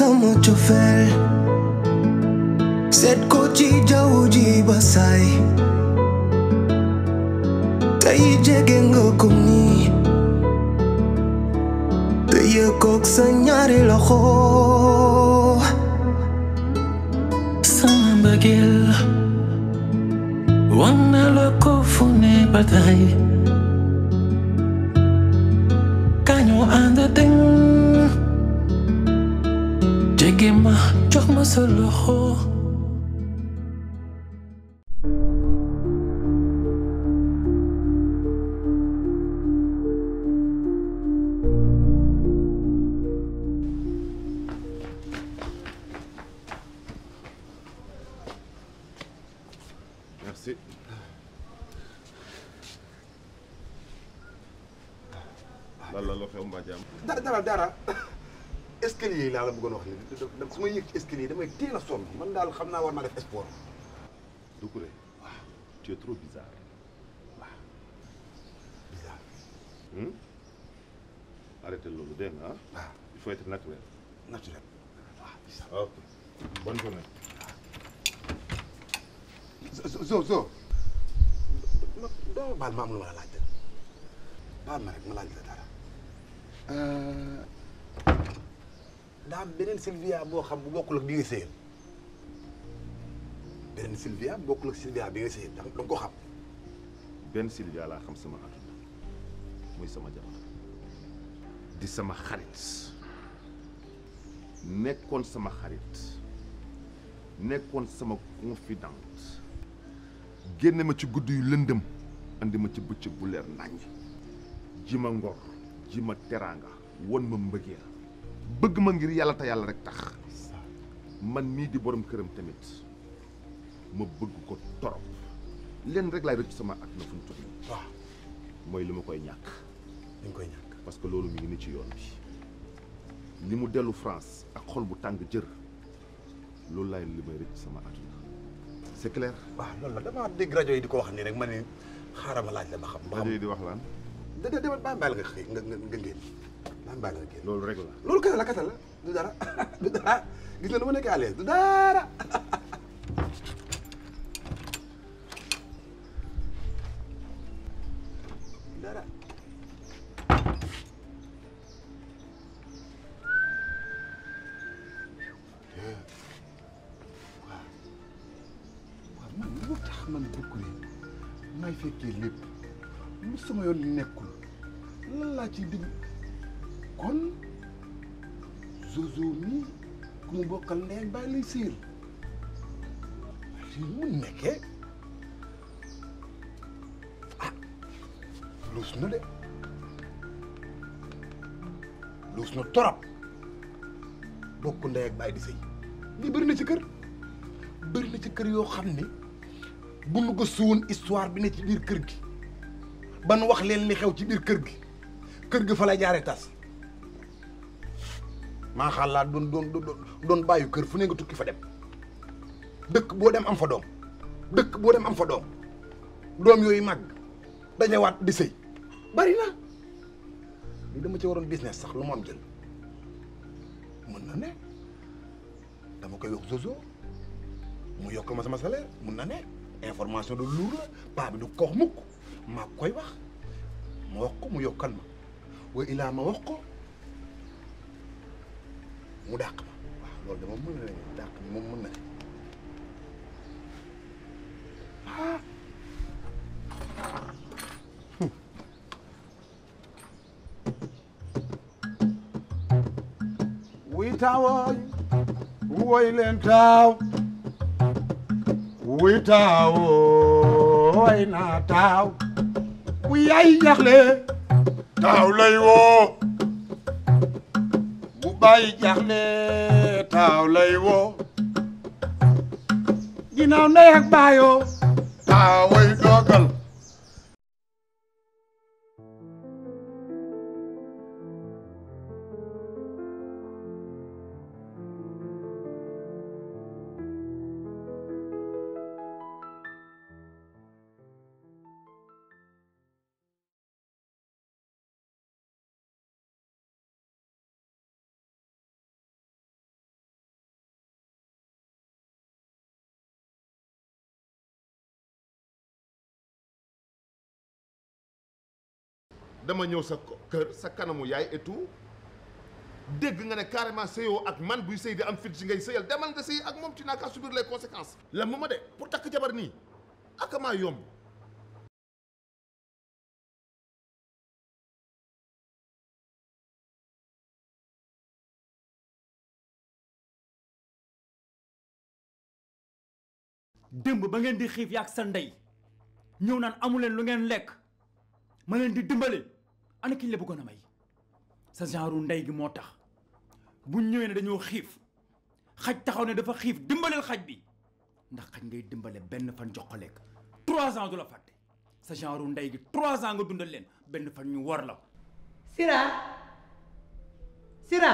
sama cofeel seet ko ci jaww ji ba saay tey jege nga ko nii te yëkkoog sa ñaari loxo sama mbëggeel wan na la ko fu ne ba tey kañu ànd teng bëggee ma jox ma sa loxo lan la loo xew mbaa jàmm dara dara dara escalier yi laa la bëggoon wax su ma yëg ci escalier yi damay teel sonn man daal xam naa war naa def sport. Doucouré waaw tu es trop bizarre waaw bizarre. Hmm? arrêté loolu dégg nga ah. il faut être naturel. naturel waaw ah, bizarre. ok baal ma am lu ma la laajte baal ma rek ma laaj la dara. Euh, daa am beneen Sylvia boo xam bu bokkul ak bi nga sëyal beneen Sylvia bokkul ak Sylvia bi nga sëyal da nga ko xam. benn Sylvia laa xam sama àdduna mooy sama jabar di sama xarit nekkoon sama xarit nekkoon sama ma ci guddi yu lëndëm andi ma ci bëccëg bu leer naññ ji ma ngor ji ma teraanga won ma mbëggeel bëgg ma ngir yàlla te yàlla rek tax man mii di borom këram tamit ma bëgg ko torop leen rek laay rëcc sama at na fu mu toll mooy li ma koy ñàkk li ma koy ñàkk parce que loolu mi ngi ni ci yoon bi li mu dellu France ak xol bu tàng jër loolu laay li may rëcc sama at c'est clair waaw loolu la damaa dégg rajo yi di ko wax nii rek ma ne xaaral ma laaj la ba xam rajo yi di wax laan da da demat bàmbaal nga xëy nga nga ngeen daan bàyyi la génn loolu rek la loolu kese la kese la du dara du dara gis nga nu ma nekkee du dara ku mu bokkal ndey ak baay lay siir siir mu nekkee ah luus na de luus na torop bokk ndey ak baay di sëy lii bëri na ci kër bëri na ci kër yoo xam ni bu nu gëstu woon bi ne ci biir kër gi ban wax leen li xew ci biir kër gi kër gi fa la jaare tas maa xalaat doon doon kër fu ne nga tukki fa dem dëkk boo dem am fa doom dëkk boo dem am fa doom doom yooyu mag dañewaat di sëy bari na lii dama ci waroon business sax lu mu am jël mën na ne dama koy wax Jojo mu yokkal ma sama salaire mën na ne information de lour la bi du ko wax mukk maa koy wax ma wax ko mu yokkal ma wa ilaa ma wax ko mu dàq ma ah. hmm. taawooy woy leen taaw wuy taawooy naa taaw wuy yaay jaxle taaw lay woo bàyyi jaxle taaw lay woo ginnaaw ndey ak baayoo taaway dogal dama ñëw sa kër sa kanamu yaay et tout dégg nga ne carrément sëyoo ak man buy sëy di am fit si ngay sëyal demal nga sëy ak moom tu n'as qu'à subir les conséquences. la ma ma de pour takk jabar nii ak maa yomb. démb ba ngeen di xiif yaak sa ndey ñëw naan amu leen lu ngeen lekk ma leen di dimbali ana kiñ la bëggoon a may sa genre ndey gi moo tax buñ ñëwee ne dañoo xiif xaj taxaw ne dafa xiif dimbaleel xaj bi ndax xaj ngay dimbale benn fan jox lekk trois ans du la fàtte sa genre ndey gi trois ans nga dundal leen benn fan ñu war la. Sira Sira.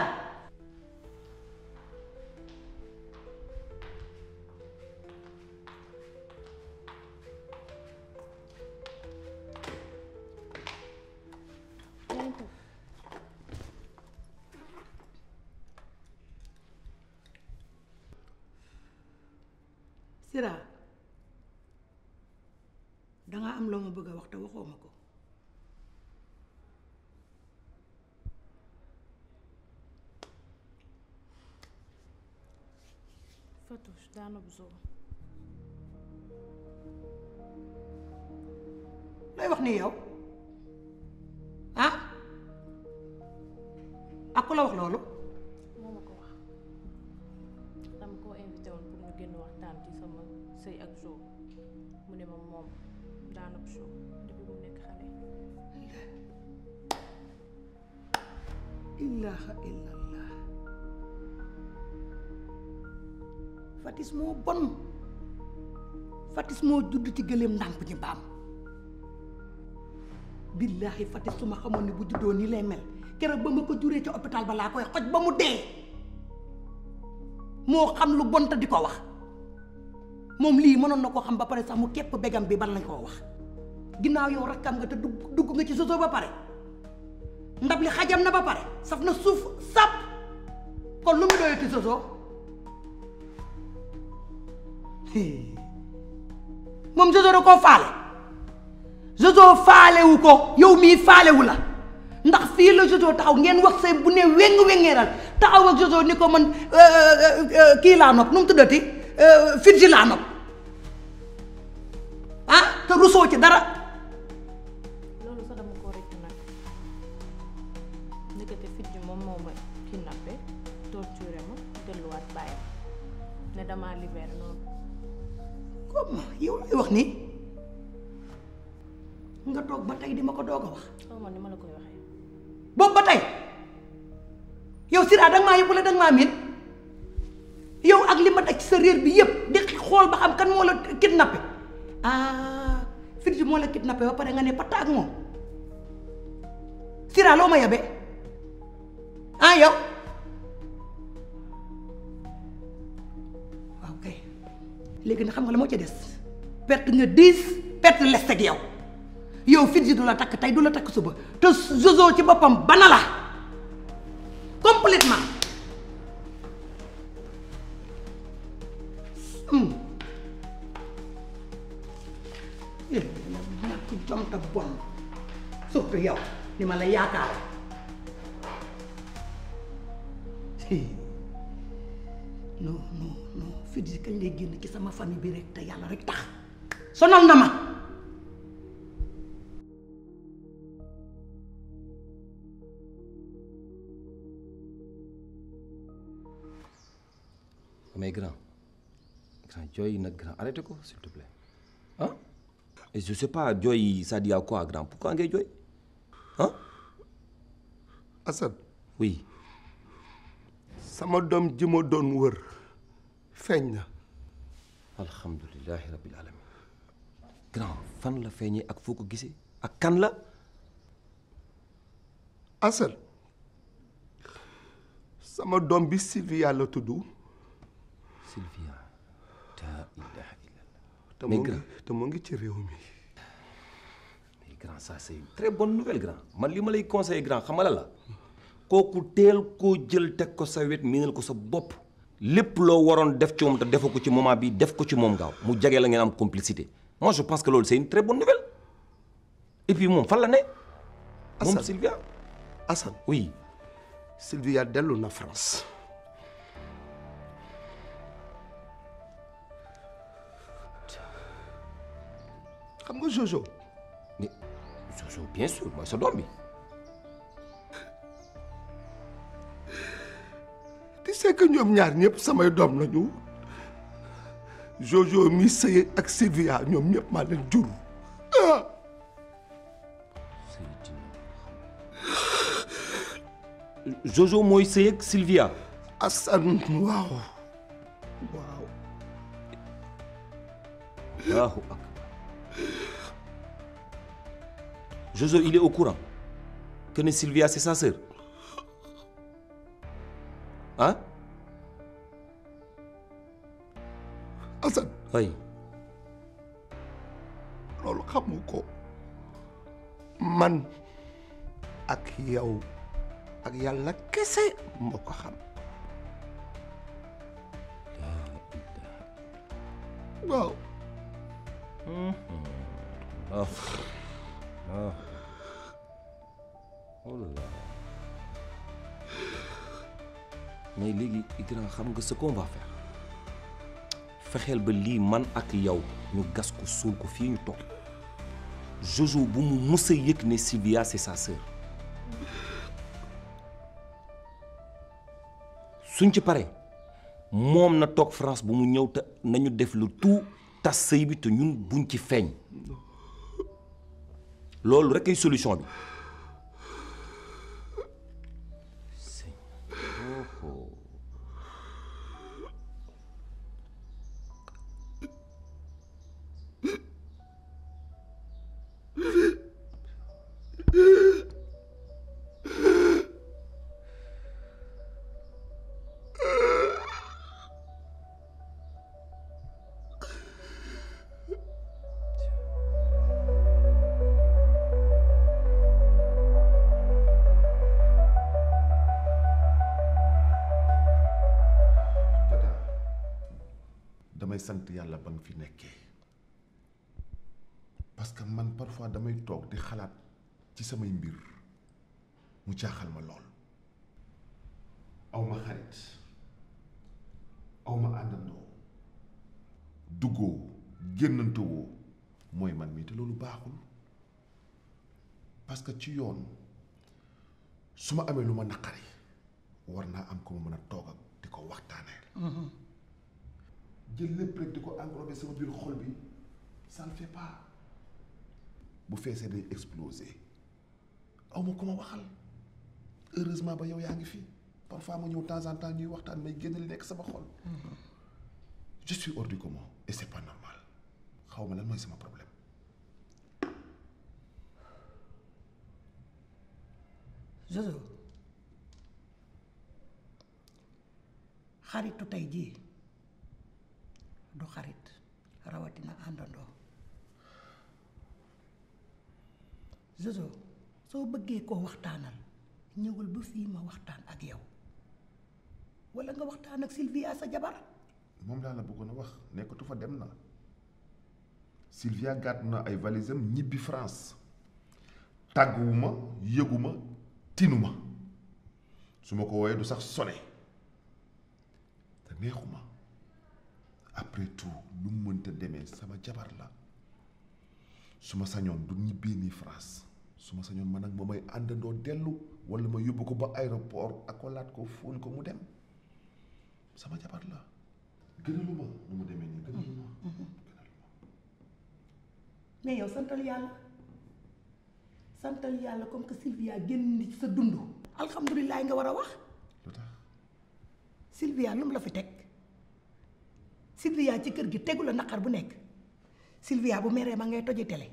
wax te waxoo ko Fatouche daana bu soo looy wax nii yow ah ak ku la wax loolu Fatis moo bon Fatis moo judd ci gëléem ndàmp ñi baam billaahi Fatis su ma xamoon ni bu juddoo nii lay mel keroog ba ma ko juree ci hôpital ba laa koy xoj ba mu dee moo xam lu bon te di ko wax moom lii mënoon na koo xam ba pare sax mu képp begam bi ban lañ koo wax ginnaaw yow rakkam nga te dugg dugg nga ci soso ba pare ndab li xajam na ba pare saf na suuf sap kon lu mu doyati soso moom Jojo da koo faale Jojo faalewu ko yow mii faalewu la ndax fii la Jojo taxaw ngeen wax say bu ne weng-wengeeral taxaw ak Jojo ni ko man eh, eh, eh, kii laa nopp nu mu tuddati firji laa nopp ah te rusoo ci dara loolu sax dama ko rekk nag ndekete firji moom moo ma kidnappé torturé ma delluwaat bàyyam ne damaa libéré noonu waaw yow lay wax nii nga toog ba tey di ma ko doog wax. xaw oh, ma ni ba tey yow Sira danga maa yëpp la danga maa miin yow ak li ma daj sa réer bi yëpp di xool ba xam kan moo la kidnappé ah Firji moo la kidnappé ba pare nga ne patta moom Sira loo ma yabee ah yow. léegi nag xam nga la moo ca des perte nga dix perte leste ak yow yow fit ji du la takk tey du la takk suba te Jojo ci boppam bana la complètement hmm. eh, ñàkk surtout yow ni ma la yaakaar non non non Fidy kañ lay génn ci sama famille bi rek te yàlla rek tax sonal na ma. mais grand jooy nag grand arrêtez ko s'il te plaît ah. je sais pas jooy ça dit à quoi grand pourquoi ngay jooy ah. Assane oui. sama doom ji ma doon wër. feeñ na alhamdulilahi rabbil alamin grand fan la feeñee ak foo ko gisee ak kan la asal sama doom bi Sylvia yàlla tudd Sylvia la ilaha illallah te moo ngi ci réew mi grand ça c'est une très nouvelle grand man li ma lay conseiller grand xamala la kooku teel koo jël teg ko sa wet miinal ko sa bopp lépp loo waroon def ci moom te defu ko ci moment bii def ko ci moom gaaw mu jege la ngeen am complicité moi je pense que loolu c'est une très bonne nouvelle et moom fan la ne. Assane moom Sylvia. Assane oui. Sylvia dellu na France. xam nga Jojo. mais Jojo bien sûr mooy sa doom bi. di c'est que ñoom ñaar ñëpp samay doom lañu Jojo mi sëye ak Sylvia ñoom ñëpp maa leen jur ah. mooy sëy ak Sylvia. Assane waaw waaw. waaw. il est au courant que ne Sylvia c'est Ha? Assane. oui. loolu xamu ko man ak yow ak yàlla kese moo ko xam. waaw. waaw. Mm-hmm. Oh. Oh. Oh, mais léegi Idrana xam nga ce qu'on va fexeel ba lii man ak yow ñu gas ko suul ko fii ñu toog Jojo bu mu mës a ne Sylvia c'est sa sœur suñ ci pare moom na toog France bu mu ñëw te nañu def lu tout tas sëy bi te ñun buñ ci feeñ loolu rek ay solution bi sant yàlla ba nga fi nekkee parce que man parfois damay toog di xalaat ci samay mbir mu jaaxal ma lool awma xarit awma àndandoo duggoo génnantewoo mooy man mii te loolu baaxul parce que ci yoon su ma amee lu ma naqari war naa am ko ma mën a toog di ko waxtaanee mm-hmm. jël lépp rek di ko englobé sama biir xol bi ça ne bu feesee day exploser aw ku ma waxal heureusement ba yow yaa ngi fi parfois ma ñëw temps en temps ñuy waxtaan may génn li nekk sama xol. Mm-hmm. je suis hors du commun normal xaw lan mooy sama problème. Jojo xaritu tey jii. du xarit rawatina àndandoo Jojo soo bëggee koo waxtaanal ñëwal ba fii ma waxtaan ak yow walla nga waxtaan ak Sylvia sa jabar moom laa na bëggoon a wax nekkatu fa dem na Sylvia gàtt na ay valisam ñibbi France tàgguwuma yëguma tinuma su ma ko wooyee du sax sone te neexuma après tout lu mu mënta demee sama jabar la su ma sañoon du ñibbee nii France su ma sañoon man ak moom may àndandoo dellu wala ma yóbbu ko ba aéroport akolaat ko fóon ko mu dem sama jabar la gënaluma nu mu demee nii gënaluma gënaluma mais santal yàlla santal yàlla comme que Sylvia génn ci sa dund alhamdulilah nga war a wax lu Sylvia lu mu la fi teg Sylvia ci kër gi tegul la naqar bu nekk Sylvia bu meree ma ngay toji télé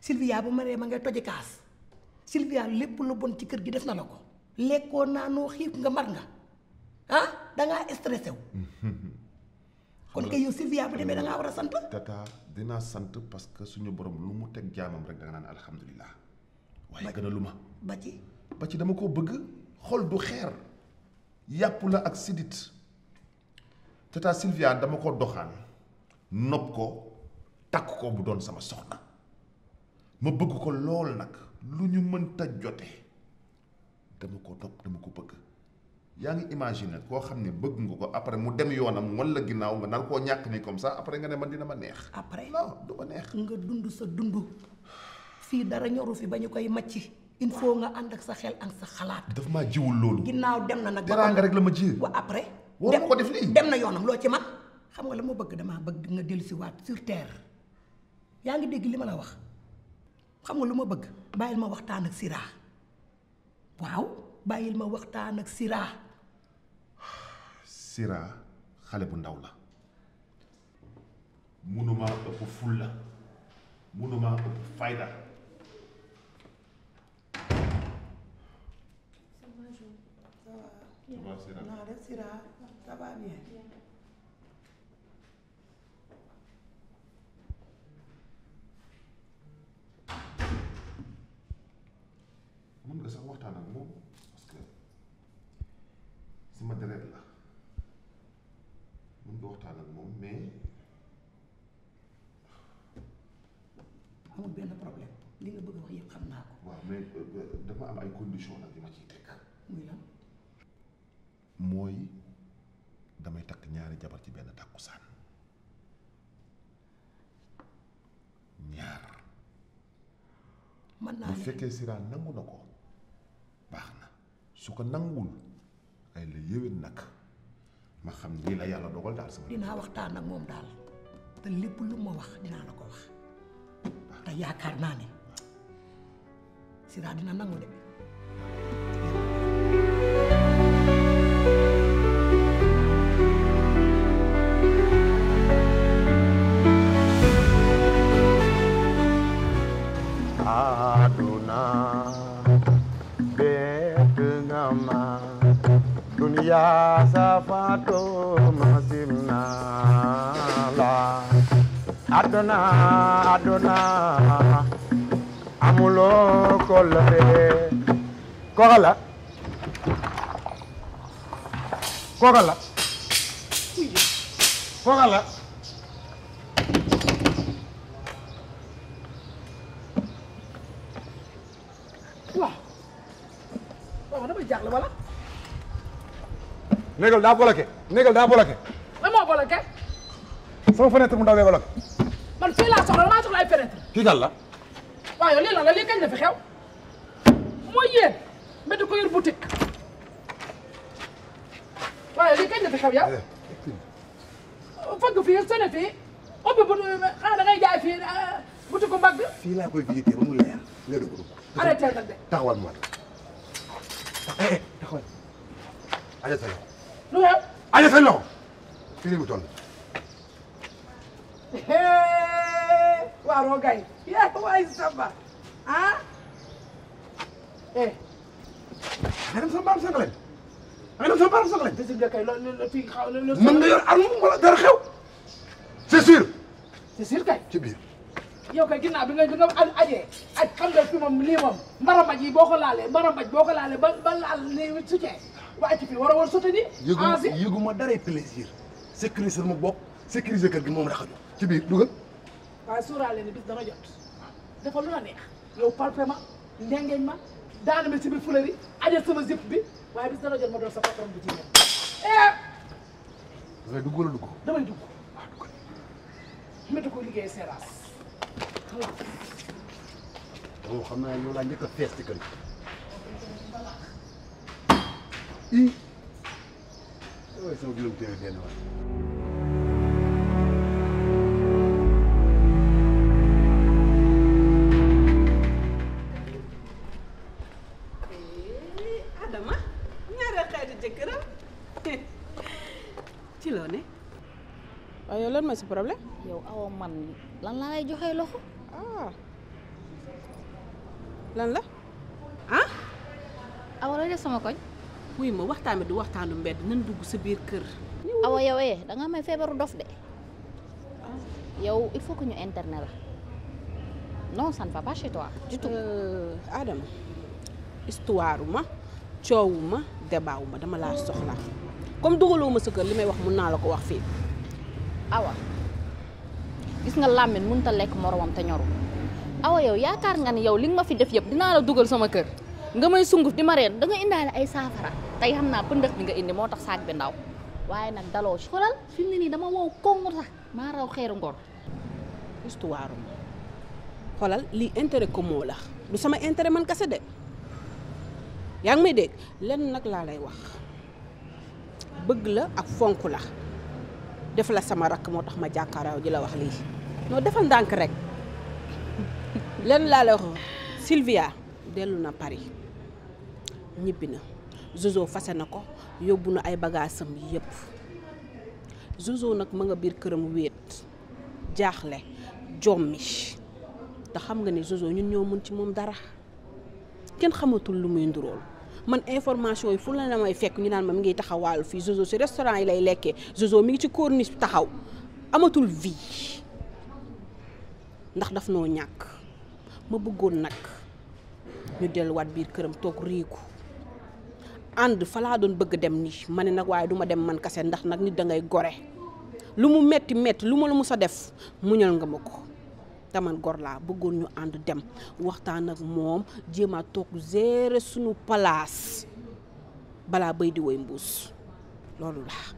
Sylvia bu meree ma ngay toji kaas Sylvia lépp lu bon ci kër gi def na la ko lekkoon naa naanoo xiif nga mar nga ah dangaa stressé wu kon kay yow Sylvia bu demee da war a sant tata dinaa sant parce que suñu borom lu mu teg jaamam rek da nga naan alhamdulilah waaye gën a lu ma ba ci ba ci dama koo bëgg xol du xeer yàpp la ak sidit tata Sylvia dama ko doxaan nopp ko takk ko bu doon sama soxna ma bëgg ko lool nag lu ñu mënta jote dama ko topp dama ko bëgg yaa ngi imaginer koo xam ne bëgg nga ko après mu dem yoonam wala ginnaaw nga nar koo ñàkk ni comme sax après nga ne man dina ma neex. après non du ma neex. nga dund sa dund fii dara ñoru fi ba ñu koy màcci. il faut nga ànd ak sa xel ak sa xalaat. daf ma jiwul loolu. ginnaaw dem na nag. ba nga rek la ma ji. wa après. waroo ko def dem na yoonam loo ci man xam nga la ma bëgg damaa bëgg nga dellu si waat sur yaa ngi dégg li ma la wax xam nga lu ma bëgg bàyyil ma waxtaan ak Sira waaw bàyyil ma waxtaan ak Sira. Sira xale bu ndaw la. munumaa ëpp fulla munumaa ëpp fayda. Thomas Sira naa def Sira ça va bien. mun nga sax waxtaan ak moom parce que deret la mun nga waxtaan ak moom mais. amul benn problème li nga bëgg a wax yëpp xam naa ko. waaw mais dafa am ay conditions nag ciy teg. mooy damay takk ñaari jabar ci benn tàkkusaan ñaar mën naa bu fekkee Sira nangu na ko baax na su ko nanguwul ay la yéwén nag ma xam lii la yàlla dogal daal sama dinaa waxtaan ak moom daal te lépp lu ma wax dinaa la ko wax te yaakaar naa ne Sira dina nangu de يا صفات مسمنا لا أدنا أدنا amuloo kóllëre kooka la kooka la kooka la négal daa bloqué négal daa bloqué. lan moo bloqué. sama fenêtre mu man fii laa soxla damaa soxla ay fenêtre. kii kan la. waaw la lii kañ la fi mooy yéen. mbedd ko yor boutique. waaw yow lii kañ la fi xew yow. Eh, fëgg fii sëne fii ubbi bu xanaa da ngay jaay fii euh, boutique ko mbagg. fii laa koy visité ba mu leer nga dugg dugg. arrêté nag de taxawal ma eh, eh, taxawal allez sa loxo fi mu toll. waa Rogaye yaa waay Samba ah. eh. nga dem sa mbaaru sànq leen nga dem sa mbaaru sànq leen. déedéet kay loo loo fii xaw loo. mën nga yor arme wala dara xew. c'est sûr. c'est sûr kay yow kay ginnaaw bi nga bi nga ajee aj xam nga fi moom lii moom mbarambaj yi boo ko laalee mbarambaj boo ko laalee ba ba laal lii soutien waa ci fi war a woon sotti ni ensi yëguma dara plaisir sécuriser mu bokk sécuriser kër gi moom raxaju ci biir dugal waaye suuraale ni bis dana jot dafa lu la neex yow palpe ma ndengeñ ma daana ma si bi fulari ajal sama zip bi waaye bis dana jot ma doon sa patron bu jigéen eh! dangay dugg wala dugg damay dugg waaw dugg métti ko liggéey séeraas moom xam naa yow laa njëkk a fees ci kër i waaye sama juróom téeméer benn lan mooy sa problème. yow awa man lan laa lay joxe loxo. Ah. lan la ah. awa lay def sama koñ. muy ma waxtaan bi du waxtaanu mbedd nan dugg sa biir kër. awa yow eh may feebaru dof de. Ah. yow il faut que ñu internet la non ça ne va pas euh, Adama histoire ma coowu dama laa soxla comme dugaloo ma sa kër li may wax mun naa la ko wax fii. awa gis nga làmmiñ mënut a lekk moromam te ñoru awa yow yaakaar nga ni yow li nga ma fi def yëpp dinaa la dugal sama kër nga may sunguf di ma reen da nga indaale ay saafara tey xam naa pëndëx bi nga indi moo tax saaj bi ndaw waaye nag daloo xoolal fi mu nii dama wow koŋŋ sax maa raw xeeru ngor histoire ma xoolal lii intérêt commun la du sama intérêt man kese de yaa ngi may dégg lenn nag laa lay wax bëgg la ak fonk la def la sama rakk moo tax ma jàkkaaraaw ji la wax lii non defal ndànk rek lenn laa la wax Sylvia dellu na Paris ñibbi na Jojo fase na ko yóbbu na ay bagaasam yëpp Jojo nag mu nga biir këram wéet jaaxle jommi te xam nga ni Jojo ñun ñoo mun ci moom dara kenn xamatul lu muy ndurool man information yi fu la la may fekk ñu naan ma mu ngi taxawaalu fii Jojo si restaurant yi lay lekkee Jojo mi ngi ci corniche taxaw amatul vie ndax daf noo ñàkk ma bëggoon nag ñu delluwaat biir këram toog riigu ànd fa laa doon bëgg dem nii ma ne nag waaye duma dem man kase ndax nag nit dangay gore lu mu metti metti lu ma la mus a def muñal nga ma ko daman gor laa bëggoon ñu ànd dem waxtaan ak moom jéem a toog gérer suñu palaas balaa bay di woy mbuus loolu laa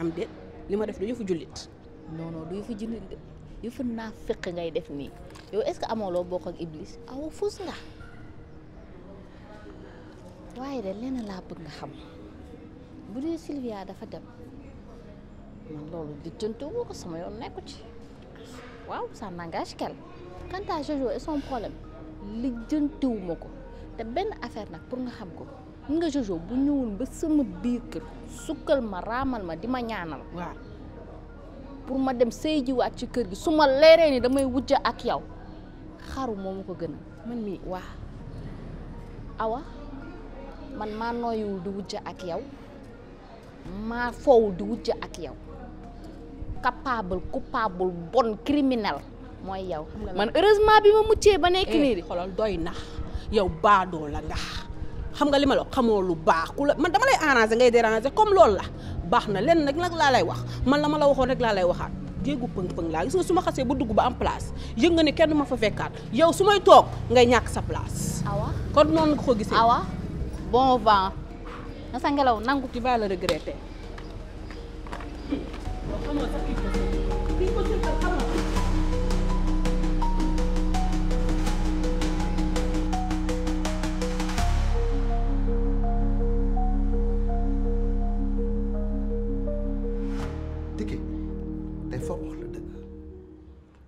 am de li ma def du yëfu jullit. non non du yëfu jullit de naa fekk ngay def nii yow est-ce que amoo loo bokk ak Iblis aw fuus nga waaye de lenn laa bëgg nga xam bu dee Sylvia dafa dem man loolu di tëntu ko sama yoon nekku ci. waaw ça n'engage qu'elle quant à Jojo et son problème lijjantiwuma ko te benn affaire nag pour nga xam ko mun nga Jojo bu ñëwul ba sama biir kër sukkal ma raamal ma di ma ñaanal waaw pour ma dem sëy jiwaat ci kër gi suma ma leeree ni damay wujj ak yow xaru moomu ko gën a man mii waa awa man maa nooyuwul di wujja ak yow maa foowul di wujja ak yow capable coupable bon criminel mooy yow. man heureusement bi ma muccee ba nekk eh, nii di. xoolal doy nax yow baadoo la nga xam nga li ma la xamoo lu baax ku la man dama lay arranger ngay déranger comme loolu la baax na len nag nag laa lay wax man la ma la waxoon rek laa lay waxaat. jéegu pëng pëng laa gis nga su ma xasee bu dugg ba am place yëg nga ne kenn ma fa fekkaat yow su may toog ngay ñàkk sa place. awa kon noonu nga ko gisee. awa bon vent. na sa ngelaw nangu. tu vas le regretter.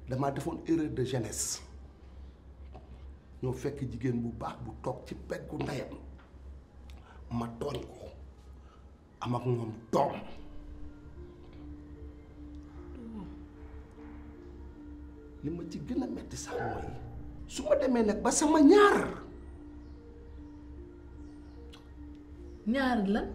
damaa defoon erreur de jeunesse ñoo fekk jigéen bu baax bu toog ci peggu ndeyam ma tooñ ko am ak moom doom li ma ci gën a metti sax mooy su ma demee nag ba sama ñaar ñaar lan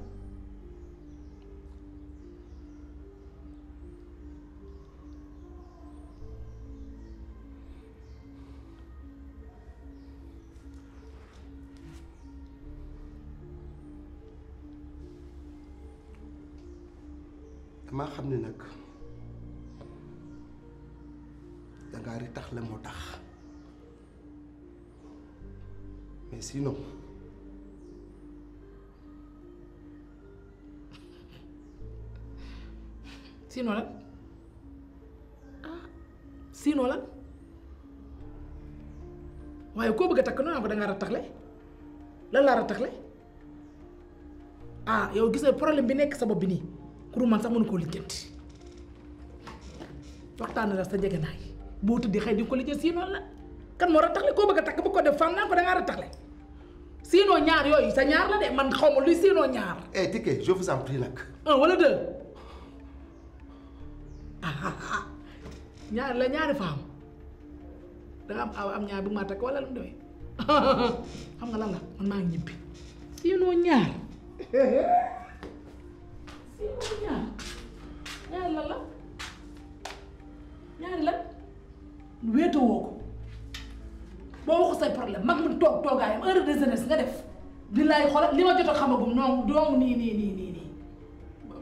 sinon lan waaye koo bëgg a takk noonu ko da ngaa rattaxle lan laa rattaxle ah yow gis nga problème bi nekk sa bopp bi nii pour man sax mënu koo lijjanti waxtaan la sa jegenaay boo tëddee xëy di ko lijjanti sinon la kan moo rattaxle koo bëgg a takk bu ko def femme naa ko da ngaa rattaxle sinon ñaar yooyu sa ñaar la de man xaw ma luy sinon ñaar. eh Tické je vous en nag. un wala ah ah ah. ñaar la ñaari femme da nga am aw am ñaar bu ma takk wala lu mu demee xam nga lan man maa ngi ñibbi siinoo ñaar siinoo ñaar ñaari lan la ñaari lan wéetoo woo ko boo waxu say problème mag mu toog toogaayam heure de jeunesse nga def di laay xoolal li ma jot a xamagum noonu doomu nii nii nii nii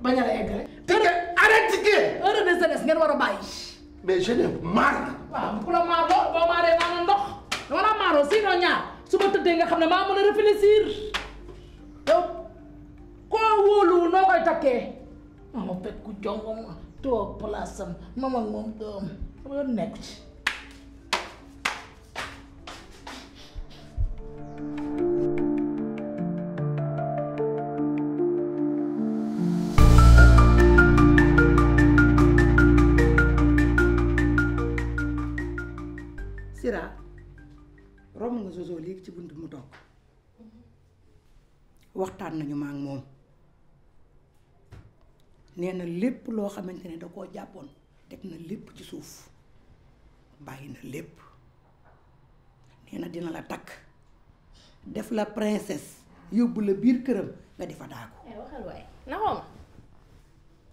bañ a la egg rek. tike arrêté tike. heure de jeunesse ngeen war a bàyyi. mais je n'ai marre. waaw ku la maaroo boo maaree naa ndox dama la maaroo si non ñaar su ma tëddee nga xam ne maa mën a réfléchir yow koo wóolu noo koy takkee ma ma fekk ku jom ma toog palaasam ma mag moom doom sama yoon ci. ci bunt mu toog waxtaan nañu ma moom nee na lépp loo xamante ne da koo jàppoon teg na lépp ci suuf bàyyi na lépp nee dina la takk def la princesse yóbbu la biir këram nga di fa daagu eh,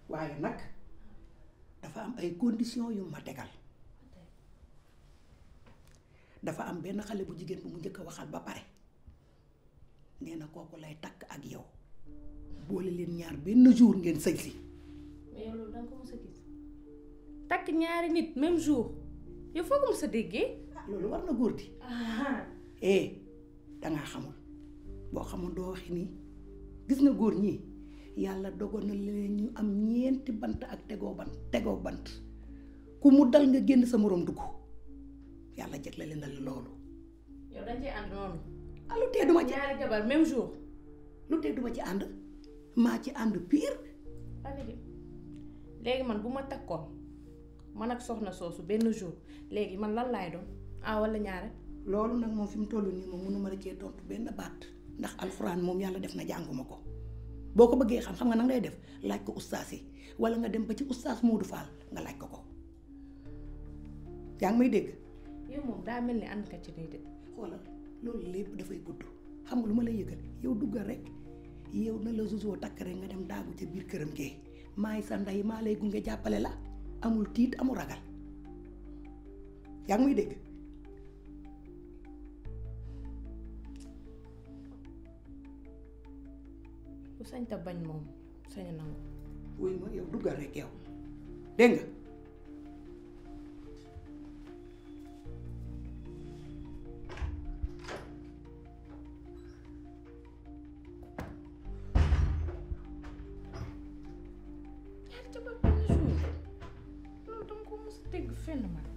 waaye nag dafa am ay conditions yu ma tegal dafa am benn xale bu jigéen bu mu njëkk a waxal ba pare nee na kooku lay takk ak yow boole leen ñaar benn jour ngeen sëy si. mais yow takk ñaari nit même jour yow foo ko déggee. Ah, loolu war na góor di. Ah. eh dangaa xamul boo xamul doo waxi nii gis nga góor ñi yàlla dogal na leen ñu am ñeenti bant ak tegoo bant tegoo bant ku mu dal nga génn sa moroom dugg. yàlla jagleel na la loolu. yow dañ cee ànd noonu. ah lu tee duma ci ñaari jabar même jour. lu tee duma ci ànd maa ci ànd pire. léegi man bu ma takkoon man ak soxna soosu benn jour léegi man lan laay doon ah wala ñaare. loolu nag moom fi mu toll nii moom mënuma la cee tontu benn baat ndax alxuraan moom yàlla def na jànguma ko boo ko bëggee xam xam nga nag ngay def laaj ko ustaas yi wala nga dem ba ci ustaas Moodu Fall nga laaj ko ko yaa may dégg. yow moom daa mel ni ànd ka ci nii de. xoolal loolu lépp dafay gudd xam nga lu ma lay yëgal yow duggal rek yow na la Jojo takk rek nga dem daagu ca biir këram maa maay sa ndey maa lay gunge jàppale la amul tiit amul ragal yaa ngi muy dégg. ku sañ bañ moom sañ nangu. wuy ma yow duggal rek yow dégg jabar benn jour loolu dama ko mos a dégg fenn man